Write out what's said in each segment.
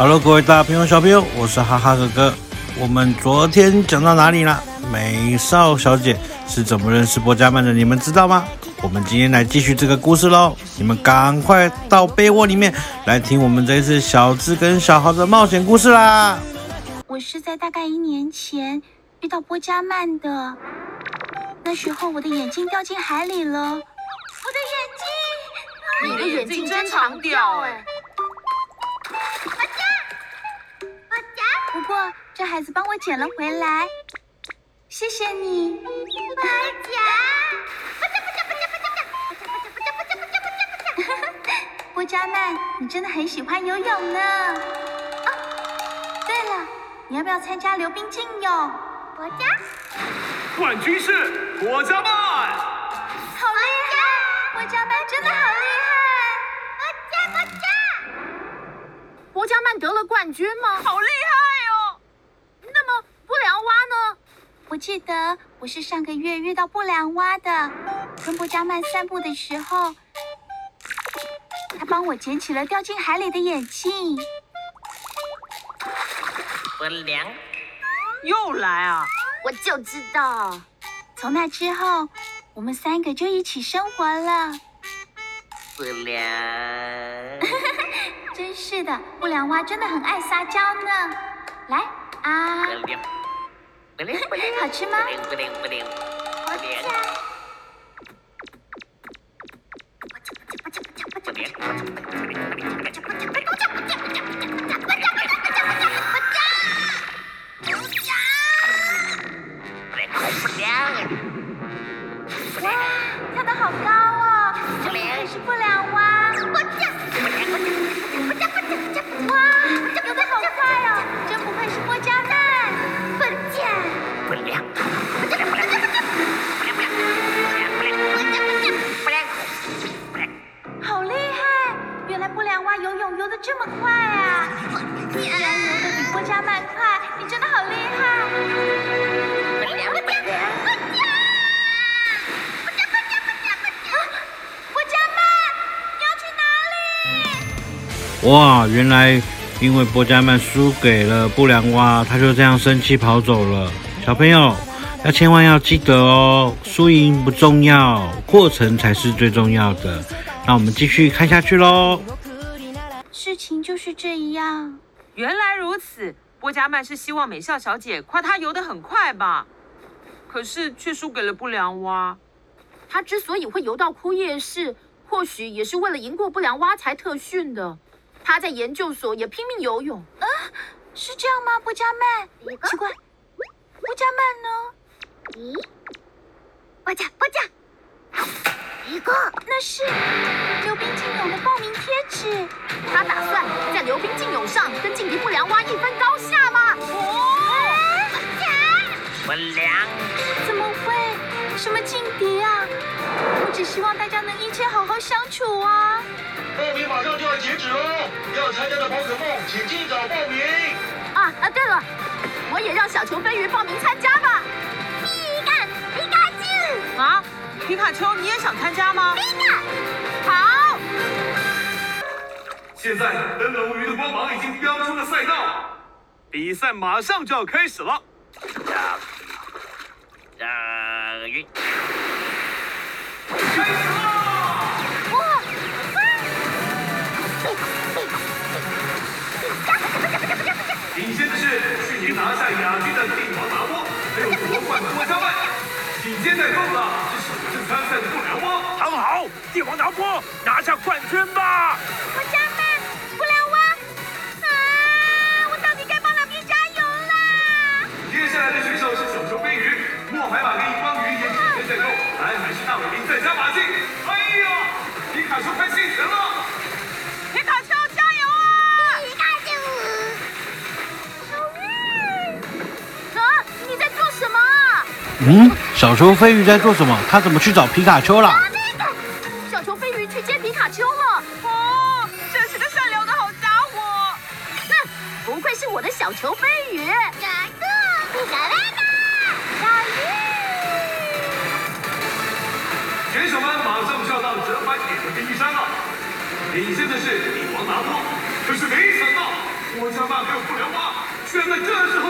哈嘍各位大朋友小朋友，我是哈哈哥哥。我們昨天講到哪裡了？美少小姐是怎麼認識波加曼的？你們知道嗎？我們今天來繼續這個故事嘍！你們趕快到被窩裡面來聽我們這一次小智跟小豪的冒險故事啦！我是在大概一年前遇到波加曼的，那時候我的眼鏡掉進海裡了，我的眼鏡，你的眼鏡真常掉哎，欸！這孩子幫我撿了回來，謝謝你伯伯。波加！波加波加波波波波波波波波波波波曼，你真的很喜歡游泳，泳呢。哦，對了，你要不要參加溜冰競泳？波加！冠軍是波加曼！好厲害！波加曼真的好厲害！波加波波曼得了冠軍嗎？好記得我是上個月遇到不良蛙的，跟布加曼散步的時候，他幫我撿起了掉進海裡的眼鏡。不良，又來啊！我就知道。從那之後，我們三個就一起生活了。不良， 真是的，不良蛙真的很愛撒嬌呢。來啊！好吃嗎？好吃啊。哇！原來因為波加曼輸給了不良蛙，他就這樣生氣跑走了。小朋友要千萬要記得哦，輸贏不重要，過程才是最重要的。那我們繼續看下去嘍。事情就是這樣。原來如此，波加曼是希望美笑小姐誇他游得很快吧？可是卻輸給了不良蛙。他之所以會游到枯葉市，或許也是為了贏過不良蛙才特訓的。他在研究所也拼命游泳啊，是這樣嗎？波加曼，奇怪，波加曼呢？咦，波加波加，一個，那是溜冰競泳的報名貼紙。他打算在溜冰競泳上跟勁敵不良蛙一分高下嗎？哦，不、啊、良，怎麼會？什麼勁敵啊？我只希望大家能一切好好相處啊。報名馬上就要截止了哦，要參加的寶可夢請盡早報名。啊啊，對了，我也讓小球飛魚報名參加吧。皮卡皮卡丘啊，皮卡丘，你也想參加嗎？皮卡，好。現在，等等烏魚的光芒已經標出了賽道，比賽馬上就要開始了。啊啊嗯，小球飛魚在做什麼？他怎麼去找皮卡丘了？啊、米小球飛魚去接皮卡丘了。哦，真是個善良的好家伙。哼，不愧是我的小球飛魚。哥、啊、哥，小爸吧小魚。選手們馬上就要到折返點的登山了。領先的是帝黃拿破，可是沒想到，我家那妙布蓮花居然在這時候。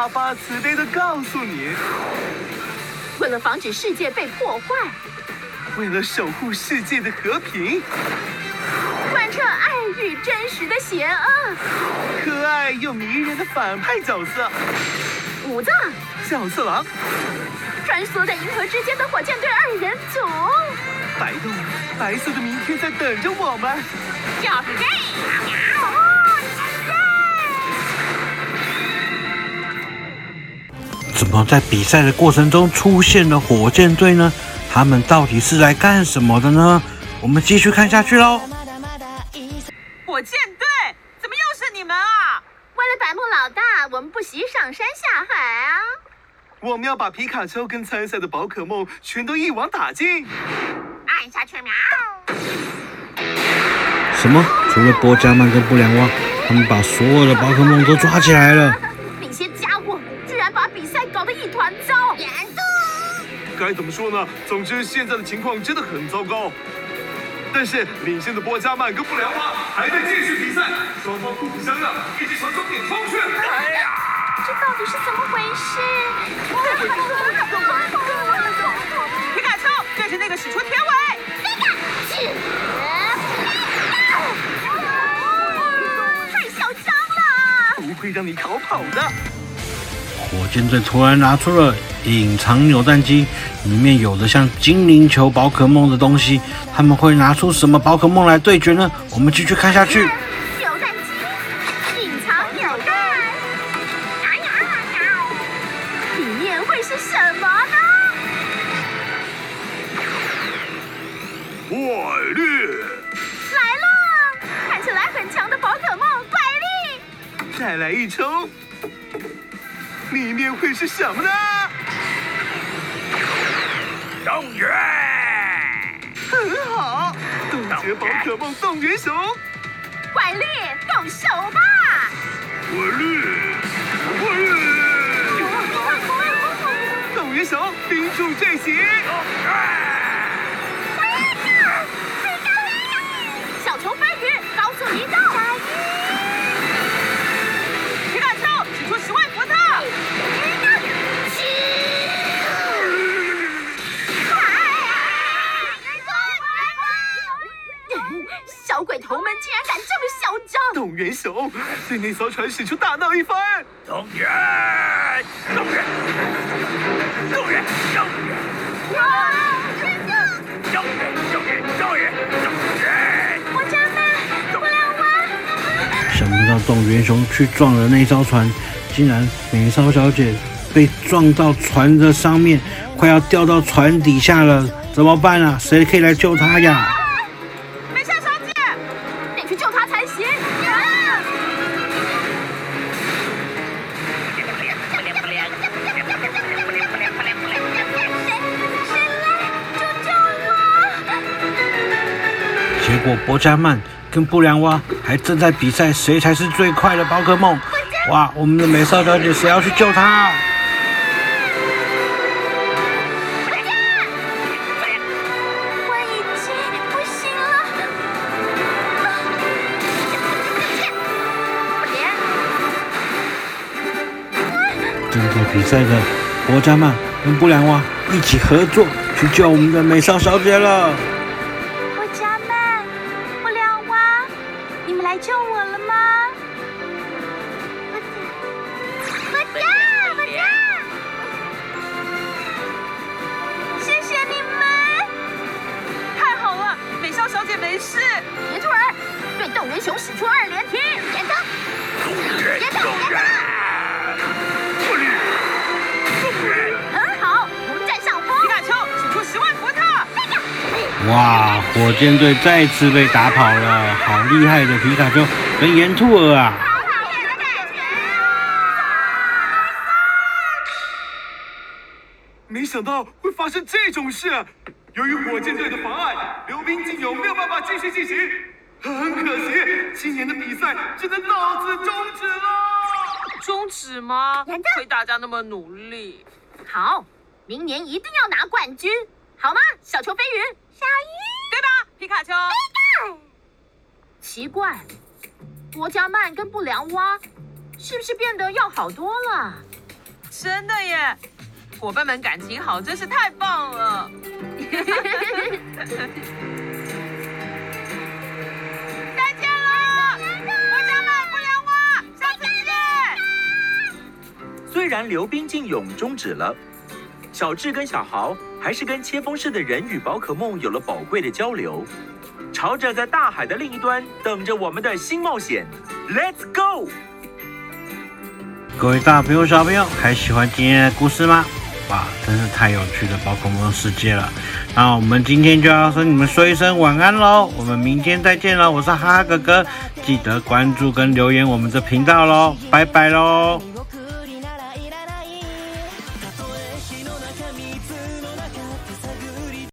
大發慈悲的告訴你，為了防止世界被破壞，為了守護世界的和平，貫徹愛與真實的邪惡，可愛又迷人的反派角色，武藏小次郎，穿梭在銀河之間的火箭隊二人組，白洞白色的明天在等着我們，小隊。在比賽的過程中出現了火箭隊呢，他們到底是來幹什麼的呢？我們繼續看下去嘍。火箭隊，怎麼又是你們啊？為了百慕老大，我們不惜上山下海啊！我們要把皮卡丘跟參賽的寶可夢全都一網打盡。按下去喵。什麼？除了波加曼跟不良蛙，他們把所有的寶可夢都抓起來了？該怎麼說呢？總之現在的情況真的很糟糕。但是領先的波加曼跟布良巴還在繼續比賽，雙方互不，不相讓，一直朝終點衝去。哎呀，這到底是怎麼回事？哦、皮卡丘這是那個使出鐵尾。你敢？使出鐵尾！太囂張了！不會讓你逃跑，跑的。火箭隊突然拿出了隱藏扭蛋機，裡面有的像精靈球、寶可夢的東西。他們會拿出什麼寶可夢來對決呢？我們繼續看下去。扭蛋機，隱藏扭蛋，哎、啊、呀、啊啊啊，裡面會是什麼呢？怪力來了，看起來很強的寶可夢怪力，再來一抽。裡面會是什麼呢？動員，很好，凍結寶可夢凍原熊，怪力，動手吧！怪力，怪力，凍原熊冰柱墜擊！動洞元熊對那艘船使出大鬧一番。洞元，洞元，洞元，洞元！哇！快救！少爺，少爺，少爺，少爺！我媽媽救不了我，怎麼辦？想不到洞元熊去撞了那艘船，竟然美少小姐被撞到船的上面，快要掉到船底下了，怎麼辦啊？誰可以來救她呀？如果波加曼跟不良蛙還正在比賽，誰才是最快的寶可夢？哇！我們的美少小姐，誰要去救她？快點！我已經不行了。正在比賽的波加曼跟不良蛙一起合作去救我們的美少小姐了。沒事，炎兔兒對凍原熊使出二連踢，岩澤，岩澤，岩澤，很好，我們占上風。皮卡丘使出十萬伏特，哇，火箭隊再次被打跑了，好厲害的皮卡丘跟炎兔兒啊！好討厭的感覺啊！沒想到會發生這種事。由於火箭隊的妨礙，溜冰竟有沒有辦法繼續進行。很可惜，今年的比賽只能到此終止了。終止嗎？虧大家那麼努力。好，明年一定要拿冠軍，好嗎？小球飛魚，小魚，對吧？皮卡丘，對。奇怪，國家曼跟不良蛙是不是變得要好多了？真的耶，夥伴們感情好，真是太棒了。 再見了，不加買不養花，下次見、見。雖然溜冰競泳終止了，小智跟小豪還是跟切風市的人魚寶可夢有了寶貴的交流，朝着在大海的另一端等着我們的新冒險，Let's go！各位大朋友、小朋友還喜歡今天的故事嗎？哇，真是太有趣的寶可夢世界了！那我們今天就要跟你們說一聲晚安嘍，我們明天再見了。我是哈哈哥哥，記得關注跟留言我們的頻道嘍，拜拜嘍。